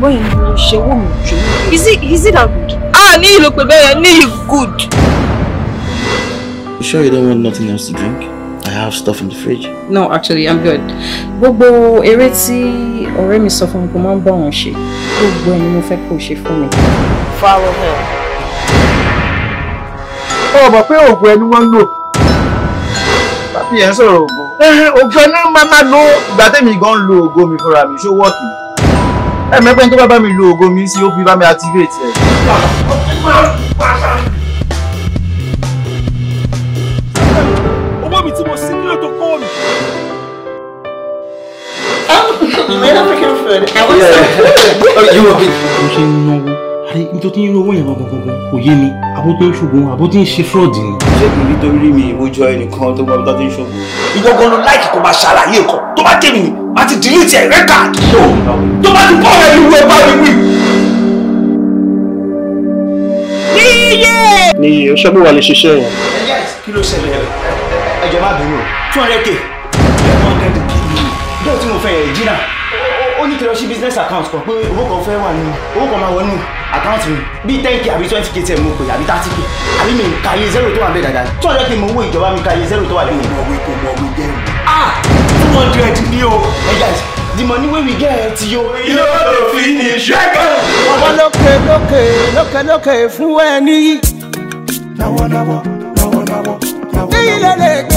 ṣùgbọ́n yẹn ni ṣe wò mí jù. is it is it that good. ah ní ìlú pé bẹ́ẹ̀ ní you good. you sure you don't want nothing else to drink? I have stuff in the fridge. No, actually, I'm good. Gbogbo eré tí ọ̀rẹ́ mi sọ fún mi kò máa ń bọ̀ wọ́n ṣe. Gbogbo ẹni mo fẹ́ kó ṣe fún mi. Follow him. Ó mọ̀ pé oògùn ẹni wọ́n ń lò. Bàbá yẹn sọ̀rọ̀ oògùn. Oògùn ẹni máa máa lo ìgbà tẹ́mi gan lo oògùn mi fúnra mi, ṣó wọ́ọ̀kì mi ẹ mẹ́pẹ́ tó bá bá mi lo ògo mi sí ó fi bá mi activate ẹ̀. owó mi tí mo sí nílò tó kọ́ mi. Oh, you made African food. I want yeah. some food. you were big àrí ibi tó ti ń rí owó yẹn gangan kò yé mi àbó tó ń ṣògùn àbó tó ń ṣe fraud ni. ṣé kò ní torí mi ìwójú ẹnìkan tó gbọ́dọ̀ tó ń ṣògùn. ìwọ gan ló láìkì kó máa ṣàlàyé nǹkan tó bá tèmi ni má ti delete ẹ record tó bá ti kọ́ ọ̀rẹ́ ìlú ẹ bá mi wí. níyẹ. níyẹ o ṣẹ́gun wà lè ṣiṣẹ́ yẹn. kí ló ṣẹlẹ̀ ẹjọ́ má bínú two hundred k one hundred k lóòótọ́ mo fẹ́ yẹ jìnnà ó ní kí lọ sí business account kan pé owó kan fẹ́ wà nínú owó kan máa wọnú account mi bíi ten k àbí twenty k tẹ̀ mú pé àbí thirty k àbí mi ka iye zero tó wà bẹ́ẹ̀ dáadáa tí wọ́n jẹ́ kí mo owó ìjọba mi ka zero tó wà Mo ọmọ wípé ọmọ mi jẹ́ ìwé. ah two hundred ni o. ẹ jẹ́ the money wey we get yo. yóò lò fi ní ṣẹ́gun. ọmọ lókè lókè lókè lókè fún ẹni. lọ́wọ́lọ́wọ́ lọ́wọ́lọ́wọ́ lọ́wọ́lọ́wọ́.